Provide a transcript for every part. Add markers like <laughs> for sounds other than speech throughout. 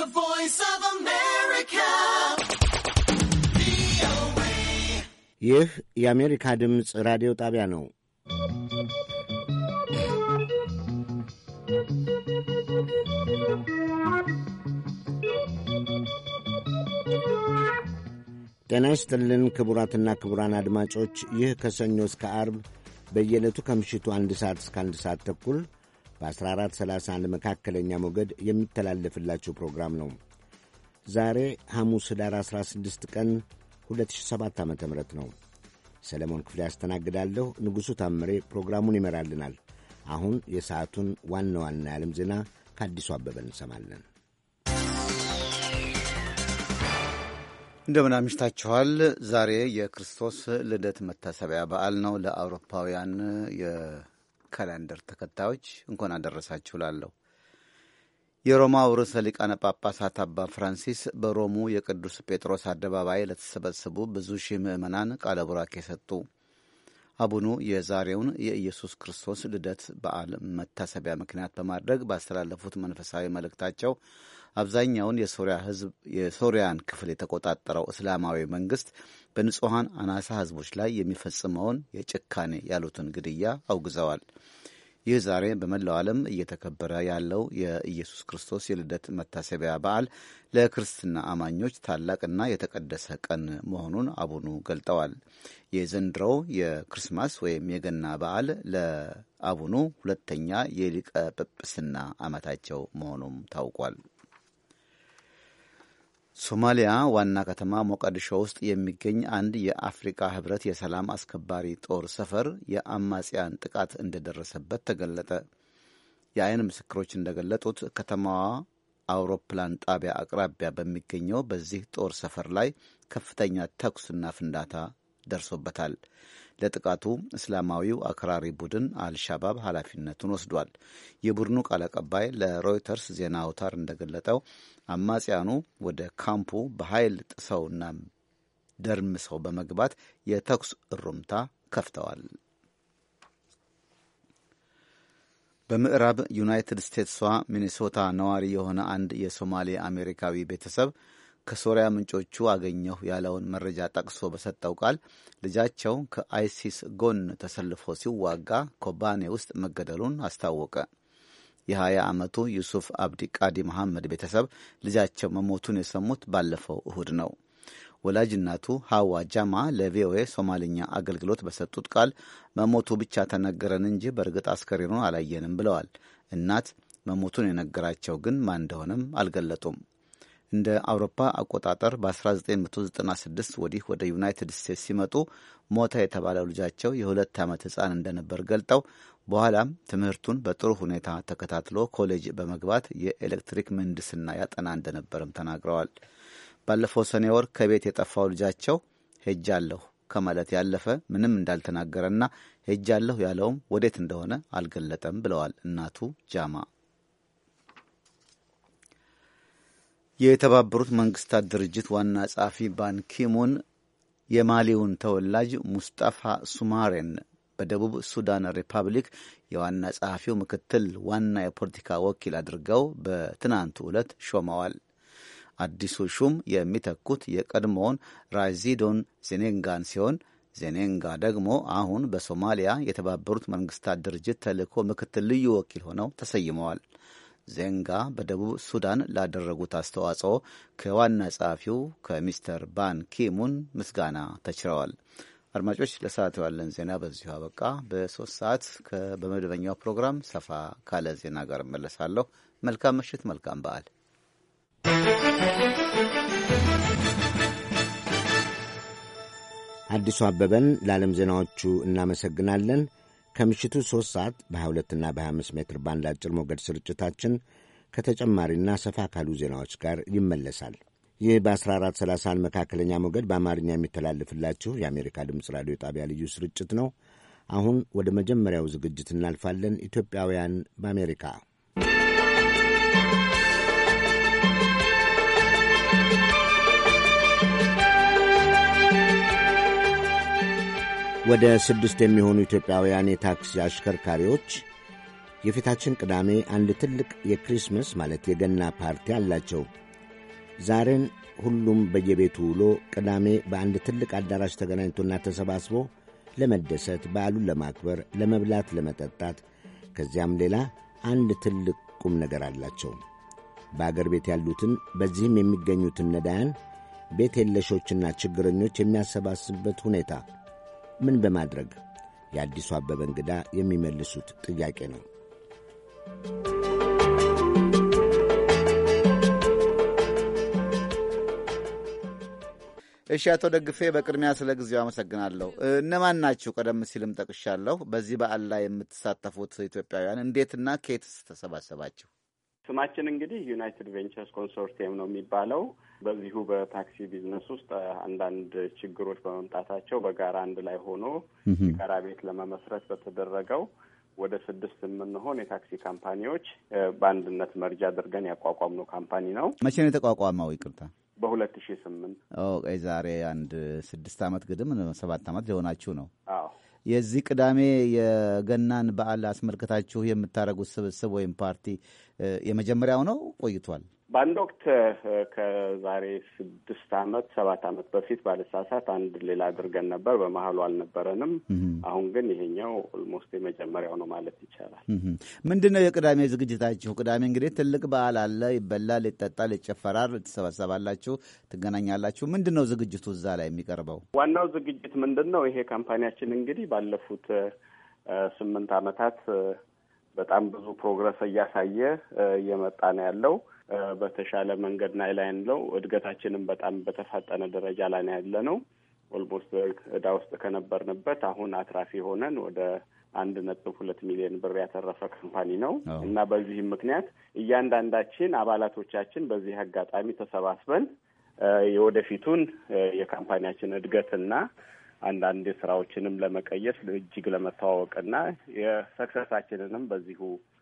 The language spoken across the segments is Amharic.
The Voice of America. ይህ የአሜሪካ ድምፅ ራዲዮ ጣቢያ ነው። ጤና ይስጥልን ክቡራትና ክቡራን አድማጮች ይህ ከሰኞ እስከ አርብ በየዕለቱ ከምሽቱ አንድ ሰዓት እስከ አንድ ሰዓት ተኩል በ1431 መካከለኛ ሞገድ የሚተላለፍላችሁ ፕሮግራም ነው። ዛሬ ሐሙስ ኅዳር 16 ቀን 2007 ዓ ም ነው። ሰለሞን ክፍሌ ያስተናግዳለሁ። ንጉሡ ታምሬ ፕሮግራሙን ይመራልናል። አሁን የሰዓቱን ዋና ዋና የዓለም ዜና ከአዲሱ አበበ እንሰማለን። እንደምን አምሽታችኋል። ዛሬ የክርስቶስ ልደት መታሰቢያ በዓል ነው። ለአውሮፓውያን ካላንደር ተከታዮች እንኳን አደረሳችሁ ላለሁ። የሮማው ርዕሰ ሊቃነ ጳጳሳት አባ ፍራንሲስ በሮሙ የቅዱስ ጴጥሮስ አደባባይ ለተሰበሰቡ ብዙ ሺህ ምዕመናን ቃለ ቡራኬ ሰጡ። አቡኑ የዛሬውን የኢየሱስ ክርስቶስ ልደት በዓል መታሰቢያ ምክንያት በማድረግ ባስተላለፉት መንፈሳዊ መልእክታቸው አብዛኛውን የሶሪያ ህዝብ የሶሪያን ክፍል የተቆጣጠረው እስላማዊ መንግስት በንጹሐን አናሳ ህዝቦች ላይ የሚፈጽመውን የጭካኔ ያሉትን ግድያ አውግዘዋል። ይህ ዛሬ በመላው ዓለም እየተከበረ ያለው የኢየሱስ ክርስቶስ የልደት መታሰቢያ በዓል ለክርስትና አማኞች ታላቅና የተቀደሰ ቀን መሆኑን አቡኑ ገልጠዋል። የዘንድሮው የክርስማስ ወይም የገና በዓል ለአቡኑ ሁለተኛ የሊቀ ጵጵስና ዓመታቸው መሆኑም ታውቋል። ሶማሊያ ዋና ከተማ ሞቃዲሾ ውስጥ የሚገኝ አንድ የአፍሪካ ህብረት የሰላም አስከባሪ ጦር ሰፈር የአማጽያን ጥቃት እንደደረሰበት ተገለጠ። የአይን ምስክሮች እንደገለጡት ከተማዋ አውሮፕላን ጣቢያ አቅራቢያ በሚገኘው በዚህ ጦር ሰፈር ላይ ከፍተኛ ተኩስና ፍንዳታ ደርሶበታል። ለጥቃቱ እስላማዊው አክራሪ ቡድን አልሻባብ ኃላፊነቱን ወስዷል። የቡድኑ ቃል አቀባይ ለሮይተርስ ዜና አውታር እንደገለጠው አማጽያኑ ወደ ካምፑ በኃይል ጥሰውና ደርምሰው በመግባት የተኩስ እሩምታ ከፍተዋል። በምዕራብ ዩናይትድ ስቴትስዋ ሚኒሶታ ነዋሪ የሆነ አንድ የሶማሌ አሜሪካዊ ቤተሰብ ከሶሪያ ምንጮቹ አገኘሁ ያለውን መረጃ ጠቅሶ በሰጠው ቃል ልጃቸው ከአይሲስ ጎን ተሰልፎ ሲዋጋ ኮባኔ ውስጥ መገደሉን አስታወቀ። የ20 ዓመቱ ዩሱፍ አብዲ ቃዲ መሐመድ ቤተሰብ ልጃቸው መሞቱን የሰሙት ባለፈው እሁድ ነው። ወላጅ እናቱ ሀዋ ጃማ ለቪኦኤ ሶማልኛ አገልግሎት በሰጡት ቃል መሞቱ ብቻ ተነገረን እንጂ በእርግጥ አስከሬኑን አላየንም ብለዋል። እናት መሞቱን የነገራቸው ግን ማን እንደሆነም አልገለጡም። እንደ አውሮፓ አቆጣጠር በ1996 ወዲህ ወደ ዩናይትድ ስቴትስ ሲመጡ ሞታ የተባለው ልጃቸው የሁለት ዓመት ሕፃን እንደነበር ገልጠው በኋላም ትምህርቱን በጥሩ ሁኔታ ተከታትሎ ኮሌጅ በመግባት የኤሌክትሪክ ምህንድስና ያጠና እንደነበርም ተናግረዋል። ባለፈው ሰኔ ወር ከቤት የጠፋው ልጃቸው ሄጃለሁ ከማለት ያለፈ ምንም እንዳልተናገረና ሄጃለሁ ያለውም ወዴት እንደሆነ አልገለጠም ብለዋል እናቱ ጃማ የተባበሩት መንግስታት ድርጅት ዋና ጸሐፊ ባንኪሙን የማሊውን ተወላጅ ሙስጣፋ ሱማሬን በደቡብ ሱዳን ሪፐብሊክ የዋና ጸሐፊው ምክትል ዋና የፖለቲካ ወኪል አድርገው በትናንቱ ዕለት ሾመዋል። አዲሱ ሹም የሚተኩት የቀድሞውን ራዚዶን ዜኔንጋን ሲሆን ዜኔንጋ ደግሞ አሁን በሶማሊያ የተባበሩት መንግስታት ድርጅት ተልእኮ ምክትል ልዩ ወኪል ሆነው ተሰይመዋል። ዜንጋ በደቡብ ሱዳን ላደረጉት አስተዋጽኦ ከዋና ጸሐፊው ከሚስተር ባን ኪሙን ምስጋና ተችረዋል። አድማጮች ለሰዓት ያለን ዜና በዚሁ አበቃ። በሶስት ሰዓት በመደበኛው ፕሮግራም ሰፋ ካለ ዜና ጋር እመለሳለሁ። መልካም ምሽት፣ መልካም በዓል። አዲሱ አበበን ለዓለም ዜናዎቹ እናመሰግናለን። ከምሽቱ 3 ሰዓት በ22 እና በ25 ሜትር ባንድ አጭር ሞገድ ስርጭታችን ከተጨማሪና ሰፋ ካሉ ዜናዎች ጋር ይመለሳል። ይህ በ 1430 መካከለኛ ሞገድ በአማርኛ የሚተላልፍላችሁ የአሜሪካ ድምፅ ራዲዮ ጣቢያ ልዩ ስርጭት ነው። አሁን ወደ መጀመሪያው ዝግጅት እናልፋለን። ኢትዮጵያውያን በአሜሪካ ወደ ስድስት የሚሆኑ ኢትዮጵያውያን የታክሲ አሽከርካሪዎች የፊታችን ቅዳሜ አንድ ትልቅ የክሪስመስ ማለት የገና ፓርቲ አላቸው። ዛሬን ሁሉም በየቤቱ ውሎ ቅዳሜ በአንድ ትልቅ አዳራሽ ተገናኝቶና ተሰባስቦ ለመደሰት በዓሉን ለማክበር ለመብላት፣ ለመጠጣት ከዚያም ሌላ አንድ ትልቅ ቁም ነገር አላቸው። በአገር ቤት ያሉትን በዚህም የሚገኙትን ነዳያን ቤት የለሾችና ችግረኞች የሚያሰባስብበት ሁኔታ ምን በማድረግ የአዲሱ አበበ እንግዳ የሚመልሱት ጥያቄ ነው። እሺ አቶ ደግፌ በቅድሚያ ስለ ጊዜው አመሰግናለሁ። እነማን ናችሁ? ቀደም ሲልም ጠቅሻለሁ። በዚህ በዓል ላይ የምትሳተፉት ኢትዮጵያውያን እንዴትና ኬትስ ተሰባሰባችሁ? ስማችን እንግዲህ ዩናይትድ ቬንቸርስ ኮንሶርቲየም ነው የሚባለው። በዚሁ በታክሲ ቢዝነስ ውስጥ አንዳንድ ችግሮች በመምጣታቸው በጋራ አንድ ላይ ሆኖ የጋራ ቤት ለመመስረት በተደረገው ወደ ስድስት የምንሆን የታክሲ ካምፓኒዎች በአንድነት መርጃ አድርገን ያቋቋምነው ካምፓኒ ነው። መቼ ነው የተቋቋመው? ይቅርታ በሁለት ሺ ስምንት ዛሬ አንድ ስድስት ዓመት ግድም ሰባት ዓመት ሊሆናችሁ ነው። አዎ የዚህ ቅዳሜ የገናን በዓል አስመልክታችሁ የምታደርጉት ስብስብ ወይም ፓርቲ የመጀመሪያው ነው ቆይቷል። በአንድ ወቅት ከዛሬ ስድስት አመት ሰባት ዓመት በፊት ባለሳሳት አንድ ሌላ አድርገን ነበር። በመሀሉ አልነበረንም። አሁን ግን ይሄኛው ኦልሞስት የመጀመሪያው ነው ማለት ይቻላል። ምንድን ነው የቅዳሜ ዝግጅታችሁ? ቅዳሜ እንግዲህ ትልቅ በዓል አለ። ይበላል፣ ይጠጣል፣ ይጨፈራል፣ ትሰበሰባላችሁ፣ ትገናኛላችሁ። ምንድን ነው ዝግጅቱ እዛ ላይ የሚቀርበው? ዋናው ዝግጅት ምንድን ነው? ይሄ ካምፓኒያችን እንግዲህ ባለፉት ስምንት ዓመታት በጣም ብዙ ፕሮግረስ እያሳየ እየመጣ ነው ያለው። በተሻለ መንገድ ላይ ላይ ነው። እድገታችንም በጣም በተፋጠነ ደረጃ ላይ ነው ያለ ነው። ኦልሞስት እዳ ውስጥ ከነበርንበት አሁን አትራፊ ሆነን ወደ አንድ ነጥብ ሁለት ሚሊዮን ብር ያተረፈ ካምፓኒ ነው እና በዚህም ምክንያት እያንዳንዳችን አባላቶቻችን በዚህ አጋጣሚ ተሰባስበን የወደፊቱን የካምፓኒያችን እድገትና አንዳንድ ስራዎችንም ለመቀየስ እጅግ ለመተዋወቅና የሰክሰሳችንንም በዚሁ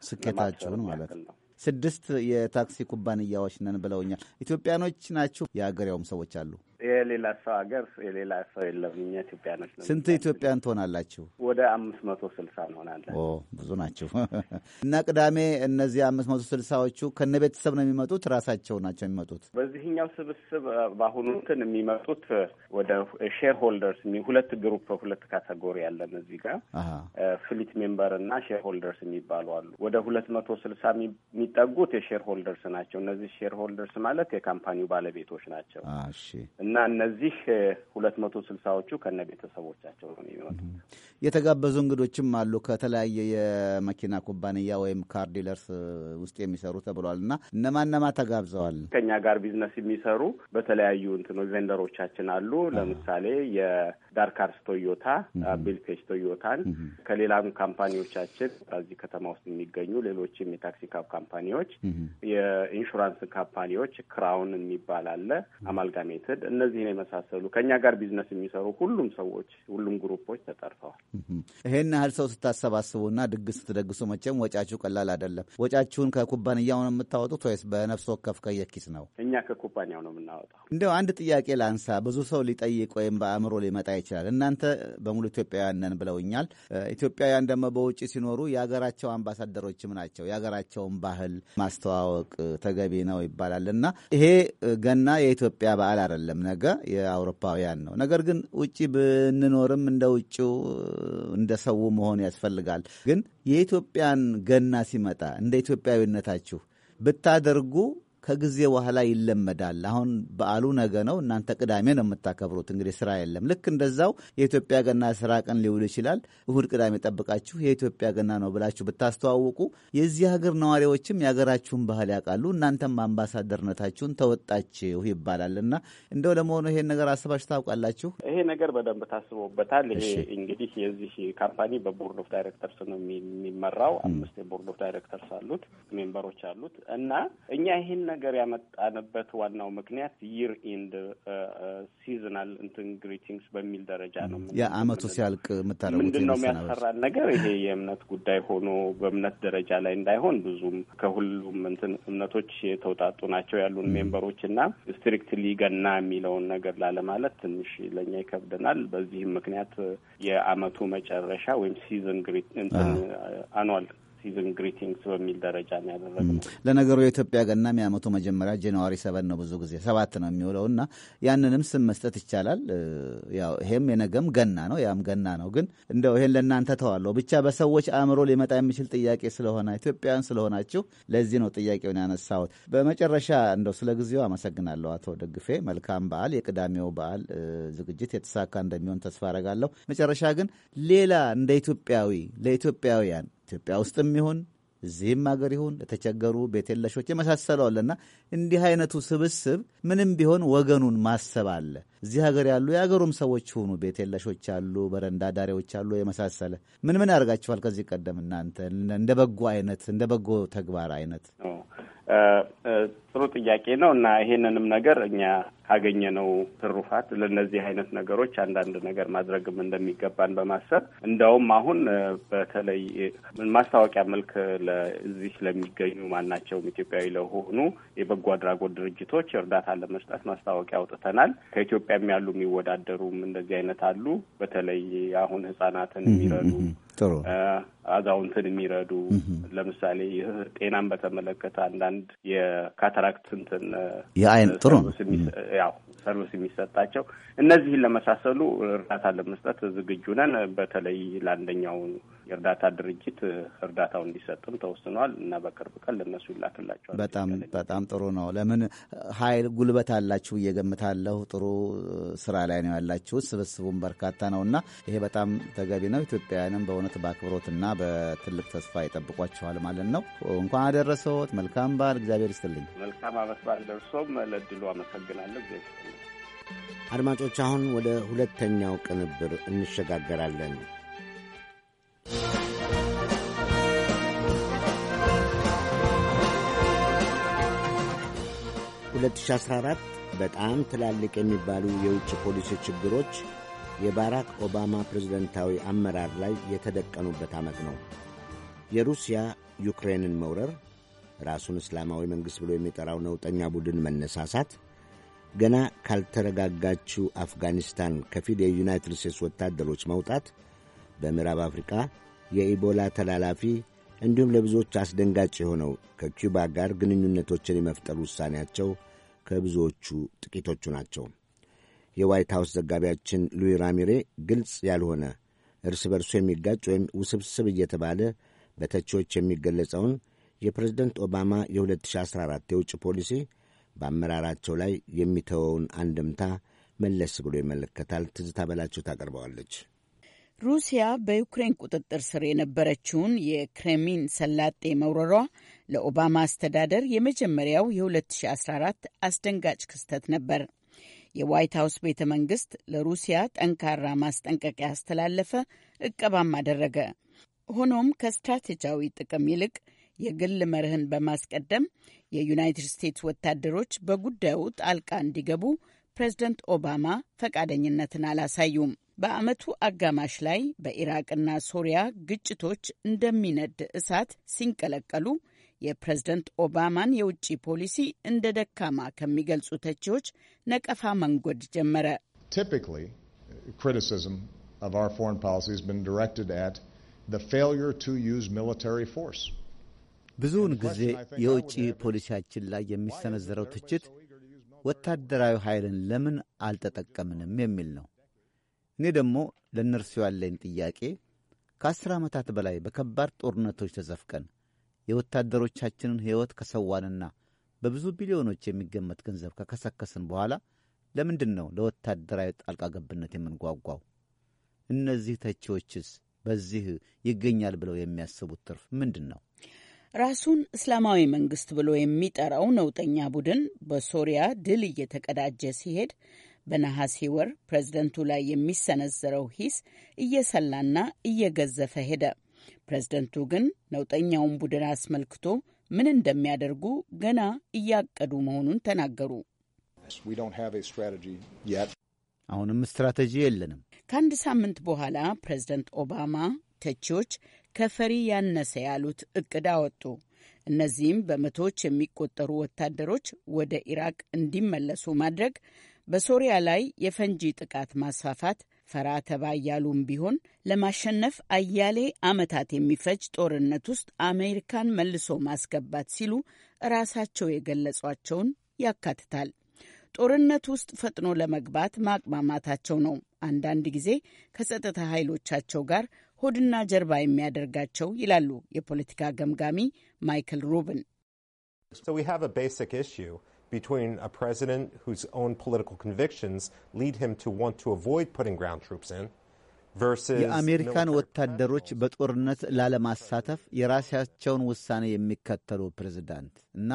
ስኬታቸውን ማለት ነው። ስድስት የታክሲ ኩባንያዎች ነን ብለውኛል። ኢትዮጵያኖች ናችሁ? የአገሬውም ሰዎች አሉ? የሌላ ሰው ሀገር የሌላ ሰው የለም። እኛ ኢትዮጵያኖች ነው። ስንት ኢትዮጵያን ትሆናላችሁ? ወደ አምስት መቶ ስልሳ እንሆናለን። ብዙ ናችሁ። <laughs> እና ቅዳሜ እነዚህ አምስት መቶ ስልሳዎቹ ከነ ቤተሰብ ነው የሚመጡት? ራሳቸው ናቸው የሚመጡት? በዚህኛው ስብስብ በአሁኑ እንትን የሚመጡት ወደ ሼር ሆልደርስ ሁለት ግሩፕ ሁለት ካተጎሪ ያለን እዚህ ጋር ፍሊት ሜምበር እና ሼር ሆልደርስ የሚባሉ አሉ። ወደ ሁለት መቶ ስልሳ የሚጠጉት የሼር ሆልደርስ ናቸው። እነዚህ ሼር ሆልደርስ ማለት የካምፓኒው ባለቤቶች ናቸው። እና እነዚህ ሁለት መቶ ስልሳዎቹ ከነ ቤተሰቦቻቸው ነው የሚመጡት። የተጋበዙ እንግዶችም አሉ ከተለያየ የመኪና ኩባንያ ወይም ካር ዲለርስ ውስጥ የሚሰሩ ተብሏል። እና እነማነማ ተጋብዘዋል? ከኛ ጋር ቢዝነስ የሚሰሩ በተለያዩ እንትኖች ቬንደሮቻችን አሉ። ለምሳሌ ዳርካርስ ቶዮታ፣ ቤልፌች ቶዮታን ከሌላም ካምፓኒዎቻችን በዚህ ከተማ ውስጥ የሚገኙ ሌሎችም የታክሲ ካብ ካምፓኒዎች፣ የኢንሹራንስ ካምፓኒዎች ክራውን የሚባል አለ፣ አማልጋሜትድ እነዚህን የመሳሰሉ ከእኛ ጋር ቢዝነስ የሚሰሩ ሁሉም ሰዎች ሁሉም ግሩፖች ተጠርተዋል። ይሄን ያህል ሰው ስታሰባስቡና ድግስ ስትደግሱ መቼም ወጫችሁ ቀላል አይደለም። ወጫችሁን ከኩባንያው ነው የምታወጡት ወይስ በነፍስ ወከፍ ከየኪስ ነው? እኛ ከኩባንያው ነው የምናወጣው። እንደው አንድ ጥያቄ ላንሳ። ብዙ ሰው ሊጠይቅ ወይም በአእምሮ ሊመጣ ይችላል። እናንተ በሙሉ ኢትዮጵያውያን ነን ብለውኛል። ኢትዮጵያውያን ደግሞ በውጭ ሲኖሩ የሀገራቸው አምባሳደሮችም ናቸው። የሀገራቸውን ባህል ማስተዋወቅ ተገቢ ነው ይባላል እና ይሄ ገና የኢትዮጵያ በዓል አይደለም፣ ነገ የአውሮፓውያን ነው። ነገር ግን ውጭ ብንኖርም እንደ ውጭው እንደ ሰው መሆን ያስፈልጋል። ግን የኢትዮጵያን ገና ሲመጣ እንደ ኢትዮጵያዊነታችሁ ብታደርጉ ከጊዜ በኋላ ይለመዳል። አሁን በዓሉ ነገ ነው፣ እናንተ ቅዳሜ ነው የምታከብሩት፣ እንግዲህ ስራ የለም። ልክ እንደዛው የኢትዮጵያ ገና ስራ ቀን ሊውል ይችላል። እሁድ ቅዳሜ ጠብቃችሁ የኢትዮጵያ ገና ነው ብላችሁ ብታስተዋውቁ የዚህ ሀገር ነዋሪዎችም የሀገራችሁን ባህል ያውቃሉ፣ እናንተም አምባሳደርነታችሁን ተወጣችሁ ይባላል እና እንደው ለመሆኑ ይሄን ነገር አስባችሁ ታውቃላችሁ? ይሄ ነገር በደንብ ታስቦበታል። ይሄ እንግዲህ የዚህ ካምፓኒ በቦርድ ኦፍ ዳይሬክተርስ ነው የሚመራው። አምስት የቦርድ ኦፍ ዳይሬክተርስ አሉት፣ ሜምበሮች አሉት እና እኛ ይህን ነገር ያመጣንበት ዋናው ምክንያት ይር ኢንድ ሲዝናል እንትን ግሪቲንግስ በሚል ደረጃ ነው። የአመቱ ሲያልቅ የምታደረጉት ምንድን ነው የሚያሰራን ነገር ይሄ የእምነት ጉዳይ ሆኖ በእምነት ደረጃ ላይ እንዳይሆን ብዙም ከሁሉም እንትን እምነቶች የተውጣጡ ናቸው ያሉን ሜምበሮች እና ስትሪክትሊ ገና የሚለውን ነገር ላለማለት ትንሽ ለእኛ ይከብደናል። በዚህም ምክንያት የአመቱ መጨረሻ ወይም ሲዝን ግሪት እንትን uh, አኗል ሲዝን ግሪቲንግስ በሚል ደረጃ ነው ያደረግነው። ለነገሩ የኢትዮጵያ ገና የዓመቱ መጀመሪያ ጃንዋሪ ሰበን ነው ብዙ ጊዜ ሰባት ነው የሚውለው እና ያንንም ስም መስጠት ይቻላል። ይሄም የነገም ገና ነው፣ ያም ገና ነው። ግን እንደው ይሄን ለእናንተ ተዋለሁ ብቻ በሰዎች አእምሮ ሊመጣ የሚችል ጥያቄ ስለሆነ ኢትዮጵያውያን ስለሆናችሁ ለዚህ ነው ጥያቄውን ያነሳሁት። በመጨረሻ እንደው ስለ ጊዜው አመሰግናለሁ አቶ ደግፌ። መልካም በዓል። የቅዳሜው በዓል ዝግጅት የተሳካ እንደሚሆን ተስፋ አረጋለሁ። መጨረሻ ግን ሌላ እንደ ኢትዮጵያዊ ለኢትዮጵያውያን ኢትዮጵያ ውስጥም ይሁን እዚህም ሀገር ይሁን ለተቸገሩ ቤት የለሾች የመሳሰለዋለና እንዲህ አይነቱ ስብስብ ምንም ቢሆን ወገኑን ማሰብ አለ። እዚህ ሀገር ያሉ የአገሩም ሰዎች ሁኑ ቤት የለሾች አሉ፣ በረንዳ ዳሪዎች አሉ፣ የመሳሰለ ምን ምን ያደርጋችኋል? ከዚህ ቀደም እናንተ እንደ በጎ አይነት እንደ በጎ ተግባር አይነት ጥሩ ጥያቄ ነው እና ይሄንንም ነገር እኛ ካገኘነው ትሩፋት ለእነዚህ አይነት ነገሮች አንዳንድ ነገር ማድረግም እንደሚገባን በማሰብ እንደውም አሁን በተለይ ማስታወቂያ መልክ ለዚህ ለሚገኙ ማናቸውም ኢትዮጵያዊ ለሆኑ የበጎ አድራጎት ድርጅቶች እርዳታ ለመስጠት ማስታወቂያ አውጥተናል። ከኢትዮጵያም ያሉ የሚወዳደሩም እንደዚህ አይነት አሉ። በተለይ አሁን ህጻናትን የሚረዱ ጥሩ አዛውንትን የሚረዱ ለምሳሌ ጤናን በተመለከተ አንዳንድ የካታራክት እንትን የአይን ጥሩ ያው ሰርቪስ የሚሰጣቸው እነዚህን ለመሳሰሉ እርዳታ ለመስጠት ዝግጁ ነን። በተለይ ለአንደኛው የእርዳታ ድርጅት እርዳታው እንዲሰጥም ተወስኗል እና በቅርብ ቀን ለእነሱ ይላክላቸዋል። በጣም በጣም ጥሩ ነው። ለምን ኃይል ጉልበት አላችሁ እየገምታለሁ። ጥሩ ስራ ላይ ነው ያላችሁ። ስብስቡም በርካታ ነው እና ይሄ በጣም ተገቢ ነው። ኢትዮጵያውያንም በእውነት በአክብሮትና በትልቅ ተስፋ ይጠብቋቸዋል ማለት ነው። እንኳን አደረሰዎት። መልካም በዓል። እግዚአብሔር ይስጥልኝ። መልካም አመት በዓል ደርሶም ለድሉ አመሰግናለሁ። አድማጮች አሁን ወደ ሁለተኛው ቅንብር እንሸጋገራለን። 2014 በጣም ትላልቅ የሚባሉ የውጭ ፖሊሲ ችግሮች የባራክ ኦባማ ፕሬዝደንታዊ አመራር ላይ የተደቀኑበት ዓመት ነው። የሩሲያ ዩክሬንን መውረር፣ ራሱን እስላማዊ መንግሥት ብሎ የሚጠራው ነውጠኛ ቡድን መነሳሳት፣ ገና ካልተረጋጋችው አፍጋኒስታን ከፊል የዩናይትድ ስቴትስ ወታደሮች መውጣት በምዕራብ አፍሪካ የኢቦላ ተላላፊ እንዲሁም ለብዙዎች አስደንጋጭ የሆነው ከኪዩባ ጋር ግንኙነቶችን የመፍጠር ውሳኔያቸው ከብዙዎቹ ጥቂቶቹ ናቸው። የዋይት ሐውስ ዘጋቢያችን ሉዊ ራሚሬ ግልጽ ያልሆነ እርስ በርሱ የሚጋጭ ወይም ውስብስብ እየተባለ በተቺዎች የሚገለጸውን የፕሬዝደንት ኦባማ የ2014 የውጭ ፖሊሲ በአመራራቸው ላይ የሚተወውን አንድምታ መለስ ብሎ ይመለከታል። ትዝታ በላቸው ታቀርበዋለች። ሩሲያ በዩክሬን ቁጥጥር ስር የነበረችውን የክሬሚን ሰላጤ መውረሯ ለኦባማ አስተዳደር የመጀመሪያው የ2014 አስደንጋጭ ክስተት ነበር። የዋይት ሀውስ ቤተ መንግስት ለሩሲያ ጠንካራ ማስጠንቀቂያ አስተላለፈ፣ እቀባም አደረገ። ሆኖም ከስትራቴጂያዊ ጥቅም ይልቅ የግል መርህን በማስቀደም የዩናይትድ ስቴትስ ወታደሮች በጉዳዩ ጣልቃ እንዲገቡ ፕሬዝደንት ኦባማ ፈቃደኝነትን አላሳዩም። በዓመቱ አጋማሽ ላይ በኢራቅና ሶሪያ ግጭቶች እንደሚነድ እሳት ሲንቀለቀሉ የፕሬዝደንት ኦባማን የውጭ ፖሊሲ እንደ ደካማ ከሚገልጹ ተቺዎች ነቀፋ መንጎድ ጀመረ። ብዙውን ጊዜ የውጭ ፖሊሲያችን ላይ የሚሰነዘረው ትችት ወታደራዊ ኃይልን ለምን አልተጠቀምንም የሚል ነው። እኔ ደግሞ ለእነርሱ ያለኝ ጥያቄ ከአስር ዓመታት በላይ በከባድ ጦርነቶች ተዘፍቀን የወታደሮቻችንን ሕይወት ከሰዋንና በብዙ ቢሊዮኖች የሚገመት ገንዘብ ከከሰከስን በኋላ ለምንድን ነው ለወታደራዊ ጣልቃ ገብነት የምንጓጓው? እነዚህ ተቺዎችስ በዚህ ይገኛል ብለው የሚያስቡት ትርፍ ምንድን ነው? ራሱን እስላማዊ መንግስት ብሎ የሚጠራው ነውጠኛ ቡድን በሶሪያ ድል እየተቀዳጀ ሲሄድ በነሐሴ ወር ፕሬዝደንቱ ላይ የሚሰነዘረው ሂስ እየሰላና እየገዘፈ ሄደ። ፕሬዝደንቱ ግን ነውጠኛውን ቡድን አስመልክቶ ምን እንደሚያደርጉ ገና እያቀዱ መሆኑን ተናገሩ። አሁንም ስትራቴጂ የለንም። ከአንድ ሳምንት በኋላ ፕሬዝደንት ኦባማ ተቺዎች ከፈሪ ያነሰ ያሉት እቅድ አወጡ። እነዚህም በመቶዎች የሚቆጠሩ ወታደሮች ወደ ኢራቅ እንዲመለሱ ማድረግ፣ በሶሪያ ላይ የፈንጂ ጥቃት ማስፋፋት ፈራ ተባ እያሉም ቢሆን ለማሸነፍ አያሌ ዓመታት የሚፈጅ ጦርነት ውስጥ አሜሪካን መልሶ ማስገባት ሲሉ ራሳቸው የገለጿቸውን ያካትታል። ጦርነት ውስጥ ፈጥኖ ለመግባት ማቅማማታቸው ነው አንዳንድ ጊዜ ከጸጥታ ኃይሎቻቸው ጋር ሆድና ጀርባ የሚያደርጋቸው ይላሉ የፖለቲካ ገምጋሚ ማይክል ሩብን። between a president whose own political convictions lead him to want to avoid putting ground troops in የአሜሪካን ወታደሮች በጦርነት ላለማሳተፍ የራሳቸውን ውሳኔ የሚከተሉ ፕሬዝዳንት እና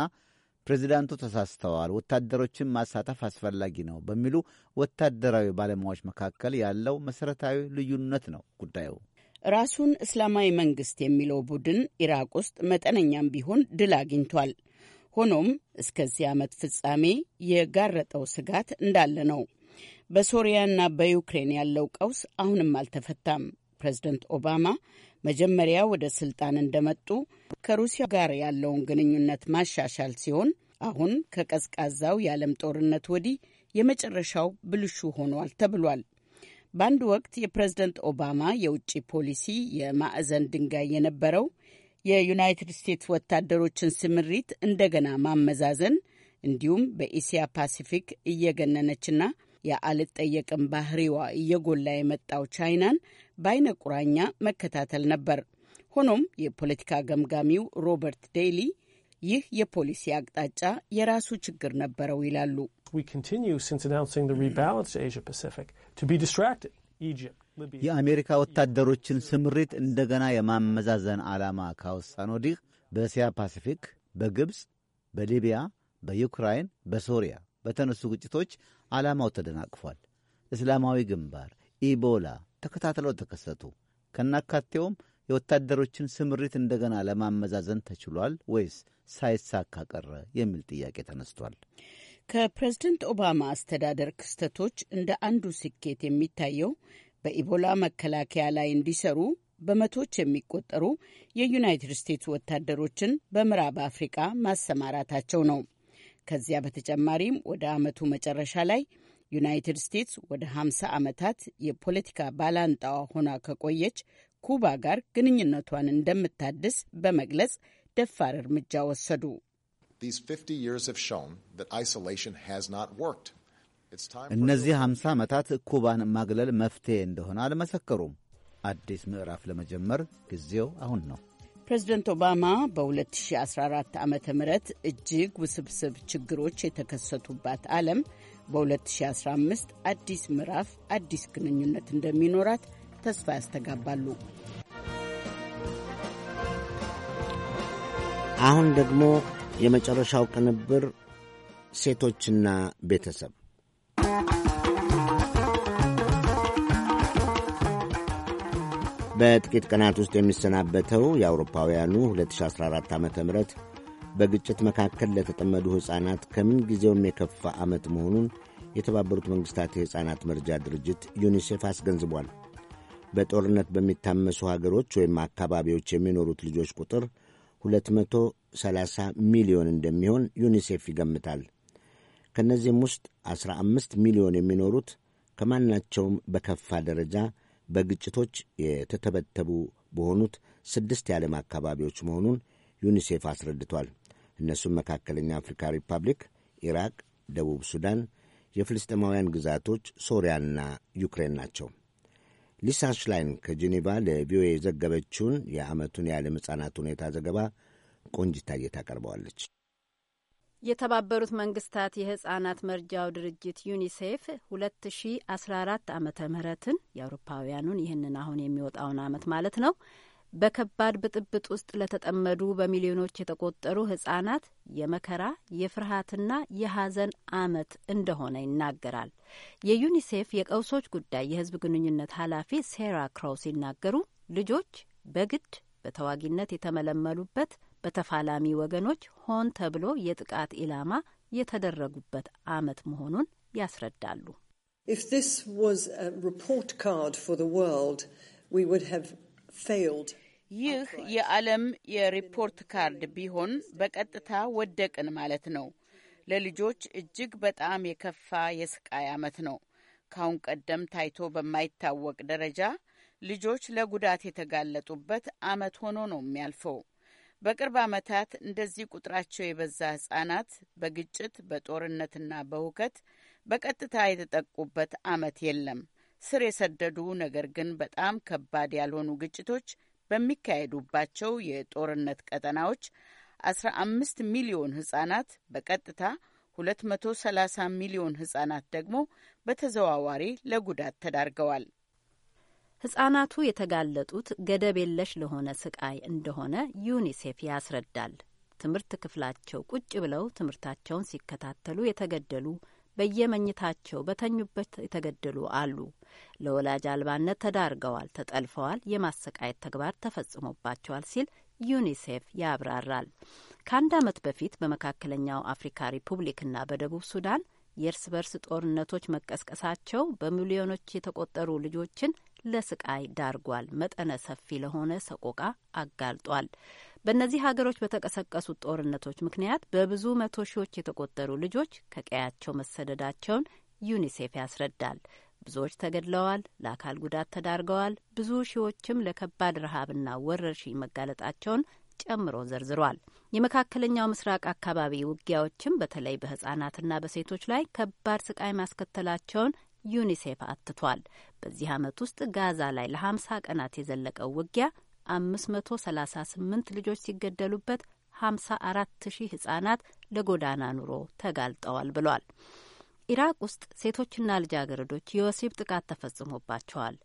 ፕሬዚዳንቱ ተሳስተዋል፣ ወታደሮችን ማሳተፍ አስፈላጊ ነው በሚሉ ወታደራዊ ባለሙያዎች መካከል ያለው መሠረታዊ ልዩነት ነው ጉዳዩ። ራሱን እስላማዊ መንግሥት የሚለው ቡድን ኢራቅ ውስጥ መጠነኛም ቢሆን ድል አግኝቷል። ሆኖም እስከዚህ ዓመት ፍጻሜ የጋረጠው ስጋት እንዳለ ነው። በሶሪያና በዩክሬን ያለው ቀውስ አሁንም አልተፈታም። ፕሬዝደንት ኦባማ መጀመሪያ ወደ ስልጣን እንደመጡ ከሩሲያ ጋር ያለውን ግንኙነት ማሻሻል ሲሆን አሁን ከቀዝቃዛው የዓለም ጦርነት ወዲህ የመጨረሻው ብልሹ ሆኗል ተብሏል። በአንድ ወቅት የፕሬዝደንት ኦባማ የውጭ ፖሊሲ የማዕዘን ድንጋይ የነበረው የዩናይትድ ስቴትስ ወታደሮችን ስምሪት እንደገና ማመዛዘን እንዲሁም በኤሲያ ፓሲፊክ እየገነነችና የአልጠየቅም ባህሪዋ እየጎላ የመጣው ቻይናን በአይነ ቁራኛ መከታተል ነበር። ሆኖም የፖለቲካ ገምጋሚው ሮበርት ዴይሊ ይህ የፖሊሲ አቅጣጫ የራሱ ችግር ነበረው ይላሉ። የአሜሪካ ወታደሮችን ስምሪት እንደገና የማመዛዘን ዓላማ ካወሳን ወዲህ በእስያ ፓሲፊክ፣ በግብፅ፣ በሊቢያ፣ በዩክራይን፣ በሶሪያ በተነሱ ግጭቶች ዓላማው ተደናቅፏል። እስላማዊ ግንባር፣ ኢቦላ ተከታትለው ተከሰቱ። ከናካቴውም የወታደሮችን ስምሪት እንደገና ለማመዛዘን ተችሏል ወይስ ሳይሳካ ቀረ የሚል ጥያቄ ተነስቷል። ከፕሬዝደንት ኦባማ አስተዳደር ክስተቶች እንደ አንዱ ስኬት የሚታየው በኢቦላ መከላከያ ላይ እንዲሰሩ በመቶዎች የሚቆጠሩ የዩናይትድ ስቴትስ ወታደሮችን በምዕራብ አፍሪቃ ማሰማራታቸው ነው። ከዚያ በተጨማሪም ወደ ዓመቱ መጨረሻ ላይ ዩናይትድ ስቴትስ ወደ 50 ዓመታት የፖለቲካ ባላንጣዋ ሆና ከቆየች ኩባ ጋር ግንኙነቷን እንደምታድስ በመግለጽ ደፋር እርምጃ ወሰዱ። These 50 years have shown that isolation has not worked. እነዚህ ሃምሳ ዓመታት ኩባን ማግለል መፍትሄ እንደሆነ አልመሰከሩም። አዲስ ምዕራፍ ለመጀመር ጊዜው አሁን ነው። ፕሬዚደንት ኦባማ በ2014 ዓ ም እጅግ ውስብስብ ችግሮች የተከሰቱባት ዓለም በ2015 አዲስ ምዕራፍ፣ አዲስ ግንኙነት እንደሚኖራት ተስፋ ያስተጋባሉ። አሁን ደግሞ የመጨረሻው ቅንብር ሴቶችና ቤተሰብ በጥቂት ቀናት ውስጥ የሚሰናበተው የአውሮፓውያኑ 2014 ዓ ም በግጭት መካከል ለተጠመዱ ሕፃናት ከምን ጊዜውም የከፋ ዓመት መሆኑን የተባበሩት መንግሥታት የሕፃናት መርጃ ድርጅት ዩኒሴፍ አስገንዝቧል። በጦርነት በሚታመሱ ሀገሮች ወይም አካባቢዎች የሚኖሩት ልጆች ቁጥር 230 ሚሊዮን እንደሚሆን ዩኒሴፍ ይገምታል። ከእነዚህም ውስጥ 15 ሚሊዮን የሚኖሩት ከማናቸውም በከፋ ደረጃ በግጭቶች የተተበተቡ በሆኑት ስድስት የዓለም አካባቢዎች መሆኑን ዩኒሴፍ አስረድቷል። እነሱም መካከለኛ አፍሪካ ሪፐብሊክ፣ ኢራቅ፣ ደቡብ ሱዳን፣ የፍልስጤማውያን ግዛቶች፣ ሶሪያና ዩክሬን ናቸው። ሊሳ ሽላይን ከጄኔቫ ለቪኦኤ የዘገበችውን የዓመቱን የዓለም ሕፃናት ሁኔታ ዘገባ ቆንጅታየት አቀርበዋለች። የተባበሩት መንግስታት የህጻናት መርጃው ድርጅት ዩኒሴፍ ሁለት ሺ አስራ አራት አመተ ምህረትን የአውሮፓውያኑን ይህንን አሁን የሚወጣውን አመት ማለት ነው በከባድ ብጥብጥ ውስጥ ለተጠመዱ በሚሊዮኖች የተቆጠሩ ህጻናት የመከራ የፍርሃትና የሀዘን አመት እንደሆነ ይናገራል። የዩኒሴፍ የቀውሶች ጉዳይ የህዝብ ግንኙነት ኃላፊ ሴራ ክራው ሲናገሩ ልጆች በግድ በተዋጊነት የተመለመሉበት በተፋላሚ ወገኖች ሆን ተብሎ የጥቃት ኢላማ የተደረጉበት ዓመት መሆኑን ያስረዳሉ። ይህ የዓለም የሪፖርት ካርድ ቢሆን በቀጥታ ወደቅን ማለት ነው። ለልጆች እጅግ በጣም የከፋ የስቃይ ዓመት ነው። ካሁን ቀደም ታይቶ በማይታወቅ ደረጃ ልጆች ለጉዳት የተጋለጡበት ዓመት ሆኖ ነው የሚያልፈው። በቅርብ ዓመታት እንደዚህ ቁጥራቸው የበዛ ሕጻናት በግጭት በጦርነትና በሁከት በቀጥታ የተጠቁበት ዓመት የለም። ስር የሰደዱ ነገር ግን በጣም ከባድ ያልሆኑ ግጭቶች በሚካሄዱባቸው የጦርነት ቀጠናዎች 15 ሚሊዮን ሕጻናት በቀጥታ 230 ሚሊዮን ሕጻናት ደግሞ በተዘዋዋሪ ለጉዳት ተዳርገዋል። ህጻናቱ የተጋለጡት ገደብ የለሽ ለሆነ ስቃይ እንደሆነ ዩኒሴፍ ያስረዳል። ትምህርት ክፍላቸው ቁጭ ብለው ትምህርታቸውን ሲከታተሉ የተገደሉ፣ በየመኝታቸው በተኙበት የተገደሉ አሉ። ለወላጅ አልባነት ተዳርገዋል፣ ተጠልፈዋል፣ የማሰቃየት ተግባር ተፈጽሞባቸዋል ሲል ዩኒሴፍ ያብራራል። ከአንድ ዓመት በፊት በመካከለኛው አፍሪካ ሪፑብሊክና በደቡብ ሱዳን የእርስ በርስ ጦርነቶች መቀስቀሳቸው በሚሊዮኖች የተቆጠሩ ልጆችን ለስቃይ ዳርጓል፣ መጠነ ሰፊ ለሆነ ሰቆቃ አጋልጧል። በእነዚህ ሀገሮች በተቀሰቀሱት ጦርነቶች ምክንያት በብዙ መቶ ሺዎች የተቆጠሩ ልጆች ከቀያቸው መሰደዳቸውን ዩኒሴፍ ያስረዳል። ብዙዎች ተገድለዋል፣ ለአካል ጉዳት ተዳርገዋል፣ ብዙ ሺዎችም ለከባድ ረሃብና ወረርሽኝ መጋለጣቸውን ጨምሮ ዘርዝሯል። የመካከለኛው ምስራቅ አካባቢ ውጊያዎችም በተለይ በህጻናትና በሴቶች ላይ ከባድ ስቃይ ማስከተላቸውን ዩኒሴፍ አትቷል። በዚህ ዓመት ውስጥ ጋዛ ላይ ለ50 ቀናት የዘለቀው ውጊያ 538 ልጆች ሲገደሉበት 54 ሺህ ህጻናት ለጎዳና ኑሮ ተጋልጠዋል ብሏል። ኢራቅ ውስጥ ሴቶችና ልጃገረዶች የወሲብ ጥቃት ተፈጽሞባቸዋል።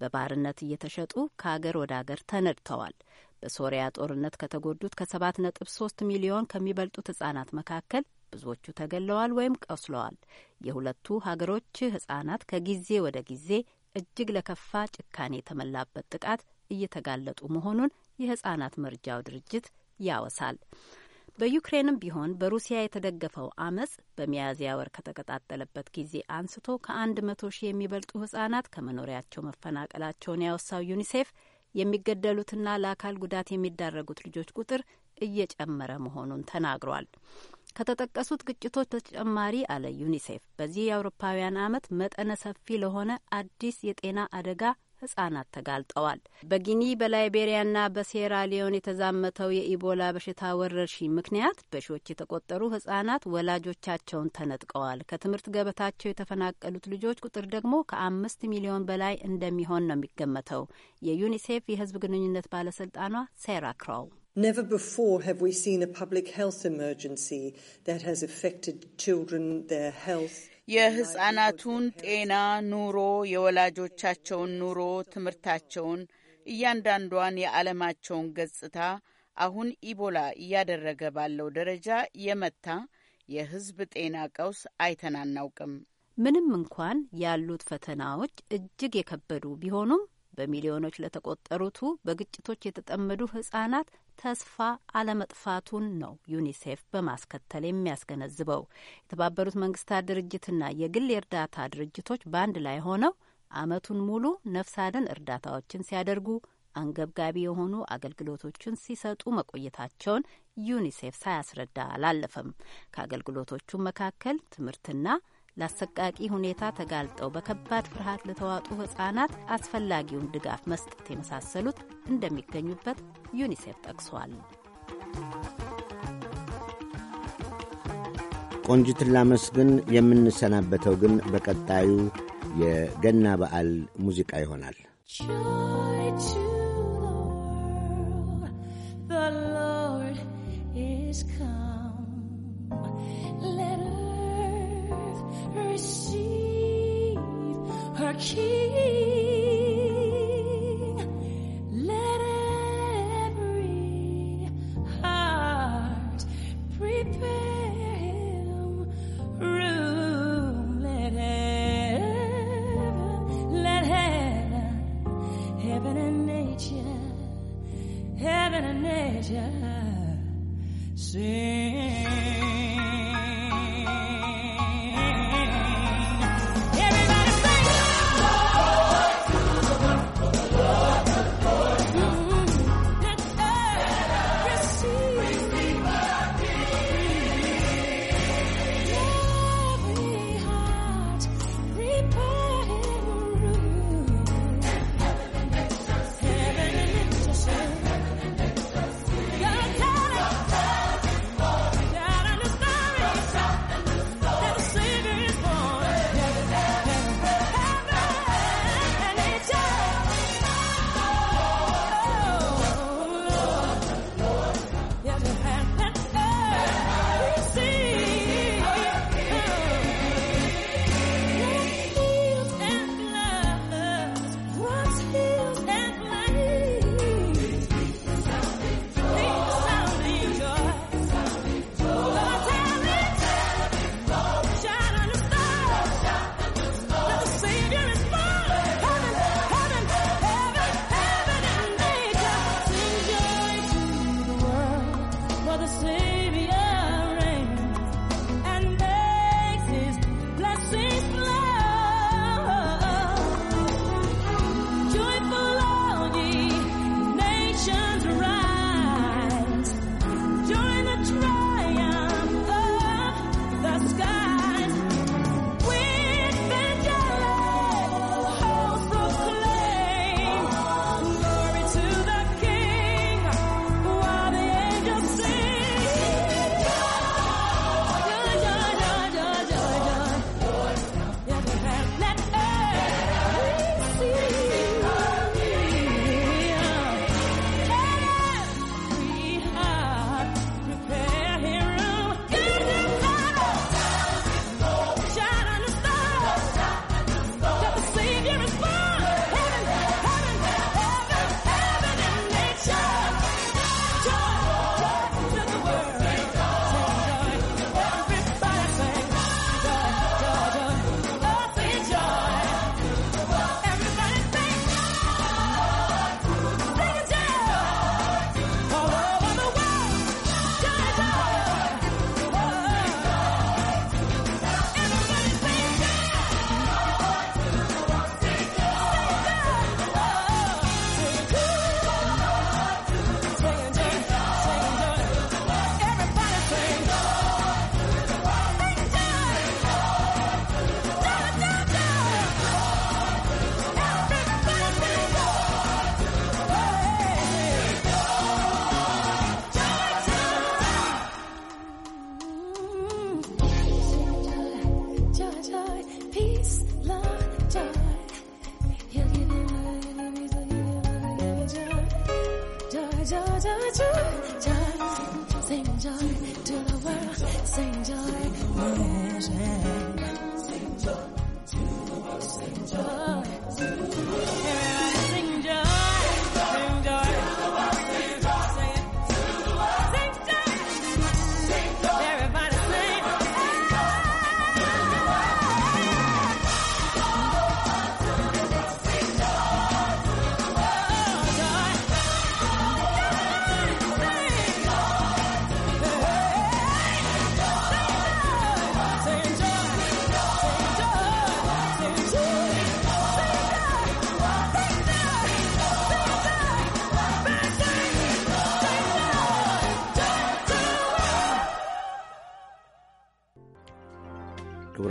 በባርነት እየተሸጡ ከአገር ወደ አገር ተነድተዋል። በሶሪያ ጦርነት ከተጎዱት ከ7.3 ሚሊዮን ከሚበልጡት ህጻናት መካከል ብዙዎቹ ተገለዋል ወይም ቆስለዋል። የሁለቱ ሀገሮች ህጻናት ከጊዜ ወደ ጊዜ እጅግ ለከፋ ጭካኔ የተመላበት ጥቃት እየተጋለጡ መሆኑን የህጻናት መርጃው ድርጅት ያወሳል። በዩክሬንም ቢሆን በሩሲያ የተደገፈው አመጽ በሚያዝያ ወር ከተቀጣጠለበት ጊዜ አንስቶ ከአንድ መቶ ሺህ የሚበልጡ ህጻናት ከመኖሪያቸው መፈናቀላቸውን ያወሳው ዩኒሴፍ የሚገደሉትና ለአካል ጉዳት የሚዳረጉት ልጆች ቁጥር እየጨመረ መሆኑን ተናግሯል። ከተጠቀሱት ግጭቶች ተጨማሪ አለ ዩኒሴፍ በዚህ የአውሮፓውያን አመት መጠነ ሰፊ ለሆነ አዲስ የጤና አደጋ ህጻናት ተጋልጠዋል። በጊኒ በላይቤሪያና በሴራ ሊዮን የተዛመተው የኢቦላ በሽታ ወረርሽኝ ምክንያት በሺዎች የተቆጠሩ ህጻናት ወላጆቻቸውን ተነጥቀዋል። ከትምህርት ገበታቸው የተፈናቀሉት ልጆች ቁጥር ደግሞ ከአምስት ሚሊዮን በላይ እንደሚሆን ነው የሚገመተው። የዩኒሴፍ የህዝብ ግንኙነት ባለስልጣኗ ሴራ ክራው Never before have we seen a public health emergency that has affected children, their health. የህጻናቱን ጤና፣ ኑሮ፣ የወላጆቻቸውን ኑሮ፣ ትምህርታቸውን፣ እያንዳንዷን የዓለማቸውን ገጽታ አሁን ኢቦላ እያደረገ ባለው ደረጃ የመታ የህዝብ ጤና ቀውስ አይተን አናውቅም። ምንም እንኳን ያሉት ፈተናዎች እጅግ የከበዱ ቢሆኑም በሚሊዮኖች ለተቆጠሩቱ በግጭቶች የተጠመዱ ህጻናት ተስፋ አለመጥፋቱን ነው ዩኒሴፍ በማስከተል የሚያስገነዝበው። የተባበሩት መንግስታት ድርጅትና የግል የእርዳታ ድርጅቶች በአንድ ላይ ሆነው አመቱን ሙሉ ነፍስ አድን እርዳታዎችን ሲያደርጉ አንገብጋቢ የሆኑ አገልግሎቶችን ሲሰጡ መቆየታቸውን ዩኒሴፍ ሳያስረዳ አላለፈም። ከአገልግሎቶቹ መካከል ትምህርትና ለአሰቃቂ ሁኔታ ተጋልጠው በከባድ ፍርሃት ለተዋጡ ሕፃናት አስፈላጊውን ድጋፍ መስጠት የመሳሰሉት እንደሚገኙበት ዩኒሴፍ ጠቅሷል። ቆንጅትን ላመስግን። የምንሰናበተው ግን በቀጣዩ የገና በዓል ሙዚቃ ይሆናል። An angel sing.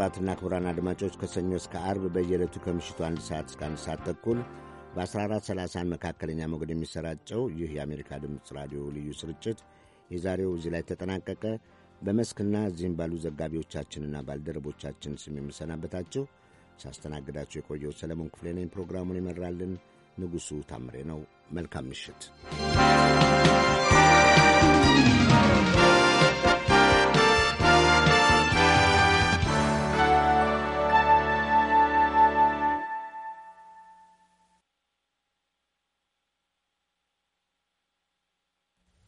ክቡራትና ክቡራን አድማጮች ከሰኞ እስከ አርብ በየዕለቱ ከምሽቱ አንድ ሰዓት እስከ አንድ ሰዓት ተኩል በ1430 መካከለኛ ሞገድ የሚሰራጨው ይህ የአሜሪካ ድምፅ ራዲዮ ልዩ ስርጭት የዛሬው እዚህ ላይ ተጠናቀቀ። በመስክና እዚህም ባሉ ዘጋቢዎቻችንና ባልደረቦቻችን ስም የምሰናበታችሁ ሳስተናግዳችሁ የቆየው ሰለሞን ክፍሌ ነኝ። ፕሮግራሙን ይመራልን ንጉሡ ታምሬ ነው። መልካም ምሽት።